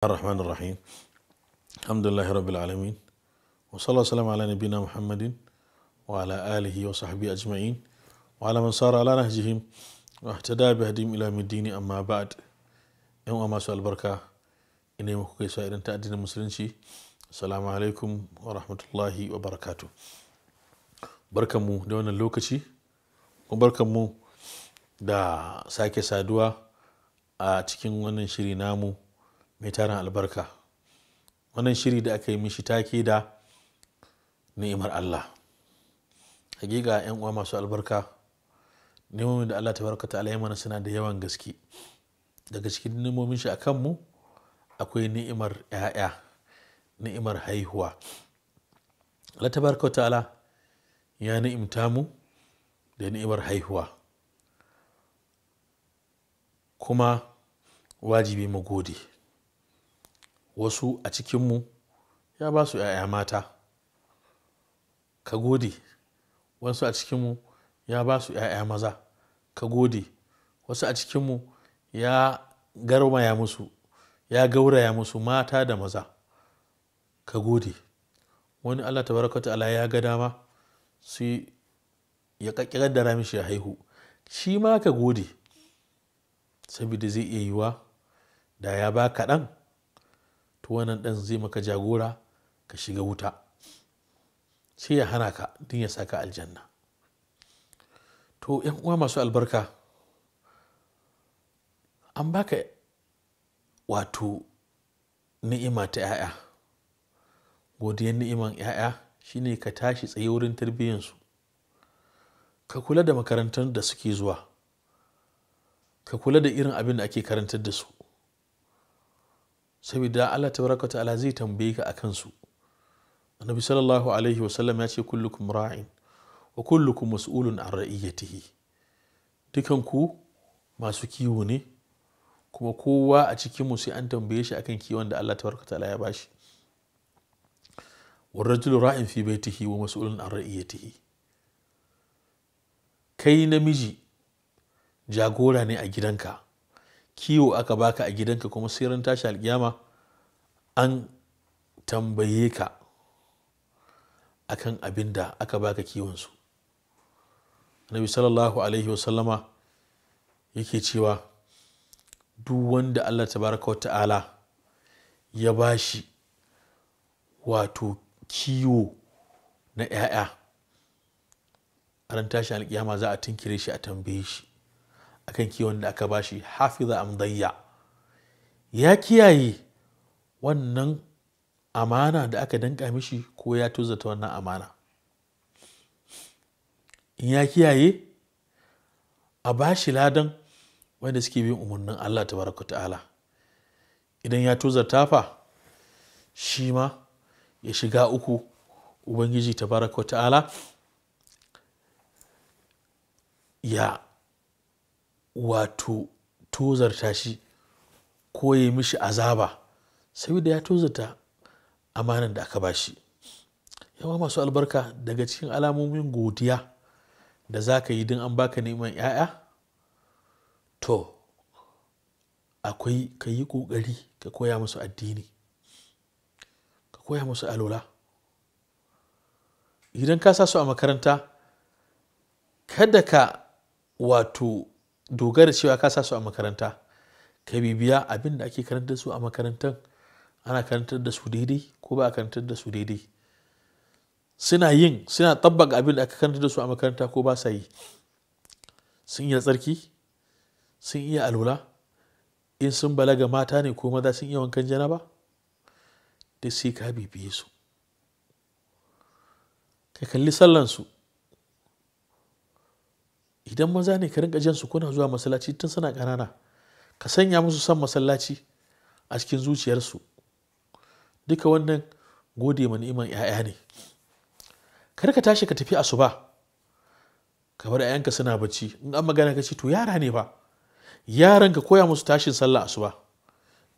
الرحمن الرحيم الحمد لله رب العالمين وصلى الله وسلم على نبينا محمد وعلى آله وصحبه أجمعين وعلى من صار على نهجهم واهتدى بهديهم إلى الدين أما بعد يوم أما سؤال البركة إني مكوكي سائر أنت أدين المسلمين السلام عليكم ورحمة الله وبركاته بركة مو دون اللوكتي وبركة مو da sake saduwa a cikin wannan shiri namu mai tarin albarka wannan shiri da aka yi mishi take da ni'imar Allah hakika yan uwa masu albarka nemomin da Allah tabaraka ta'ala ya mana suna da yawan gaske daga cikin nemomin shi akan mu akwai ni'imar ‘ya'ya ni'imar haihuwa Allah tabaraka ta'ala ya ni'imta mu da ni'imar haihuwa kuma wajibi mu gode wasu a cikinmu ya ba su 'ya'ya mata ka gode wasu a cikinmu ya ba su 'ya'ya maza ka gode wasu a cikinmu ya garmaya musu ya gauraya musu mata da maza ka gode wani allah tabarakatu ala ya ga dama su ya da ramishi ya haihu shi ma ka gode saboda zai iya yiwa da ya ba kaɗan to wannan ɗan zai maka jagora ka shiga wuta sai ya hana ka din ya saka aljanna to yan uwa masu albarka an baka wato ni'ima ta 'ya'ya godiyar ni'iman 'ya'ya shine ka tashi tsaye wurin tarbiyyansu ka kula da makarantar da suke zuwa ka kula da irin abin da ake karantar da su saboda Allah baraka ta'ala zai tambaye ka akan su annabi sallallahu alaihi wasallam ya ce kullukum ra'in wa kullukum mas'ulun an ra'iyatihi dukan ku masu kiwo ne kuma kowa a cikin mu sai an tambaye shi akan kiwon da Allah tabaraka ta'ala ya bashi wa rajulu ra'in fi baitihi wa mas'ulun an ra'iyatihi kai namiji jagora ne a gidanka kiwo aka baka a gidanka kuma sirrin tashi alkiyama an tambaye ka akan abin da aka baka kiwonsu Nabi sallallahu alaihi wasallama yake cewa duk wanda allah tabaraka wa ta'ala ya bashi wato kiwo na 'ya'ya ran tashi alkiyama za a tinkire shi a tambaye shi akan kiwon da aka bashi hafiza amdayya ya kiyaye wannan amana da aka danka mishi ko ya tuzata wannan amana in ya kiyaye a bashi ladan wanda suke bin umarnin Allah tabaraka ta'ala idan ya tuzata fa shi ma ya shiga uku ubangiji tabaraka ta'ala ya wato tozarta shi ko ya mishi azaba saboda ya tozarta amanan da aka ba shi yawa masu albarka daga cikin alamomin godiya da za ka yi don an baka neman 'ya'ya to akwai ka yi ƙoƙari ka koya musu addini ka koya musu alola idan ka sa su a makaranta kada ka wato dogara cewa ka sa su a makaranta ka bibiya abin da ake karantar su a makarantar ana karantar da su daidai ko ba a karantar da su daidai suna yin suna tabbaka abin da aka karantar da su a makaranta ko ba sa yi sun iya tsarki sun iya alula in sun balaga mata ne ko maza sun iya wankan jana ba? duk sai ka bibiye su ka kalli sallansu idan maza ne ka rinka jan su kuna zuwa masallaci tun suna ƙanana ka sanya musu son masallaci a cikin zuciyarsu duka wannan gode ma ni'iman 'ya'ya ne kar ka tashi ka tafi asuba ka bar 'ya'yanka suna bacci in an magana ka ce to yara ne ba yaran ka koya musu tashin sallah asuba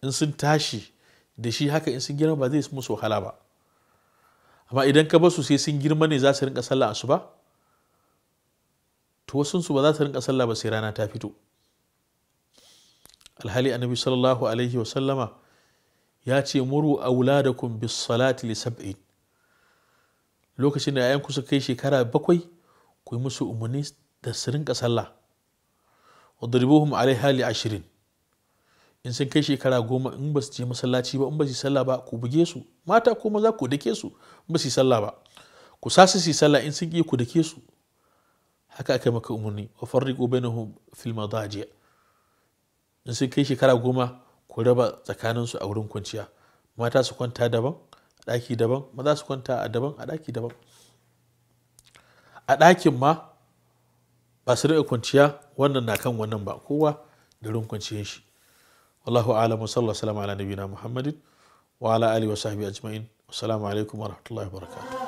in sun tashi da shi haka in sun girma ba zai musu wahala ba amma idan ka basu sai sun girma ne za su rinka sallah asuba to su ba za su rinka sallah ba sai rana ta fito alhali annabi sallallahu alaihi wa sallama ya ce muru auladakum bis salati li sab'in lokacin da ayyanku su kai shekara bakwai ku yi musu umarni da su rinka sallah wadribuhum alaiha li ashirin in sun kai shekara goma in ba su je masallaci ba in ba su sallah ba ku buge su mata ko maza ku dake su ba su sallah ba ku sasu su sallah in sun ki ku dake su haka aka maka umarni wa farriqu bainahum fil madaji in sun kai shekara goma ku raba su a wurin kwanciya mata su kwanta daban a daki daban maza su kwanta a daban a daki daban a dakin ma ba su rika kwanciya wannan na kan wannan ba kowa da rin kwanciyar shi wallahu a'lam sallallahu alaihi wa ala nabiyina muhammadin wa ala alihi wa sahbihi ajma'in assalamu alaikum wa rahmatullahi wa barakatuh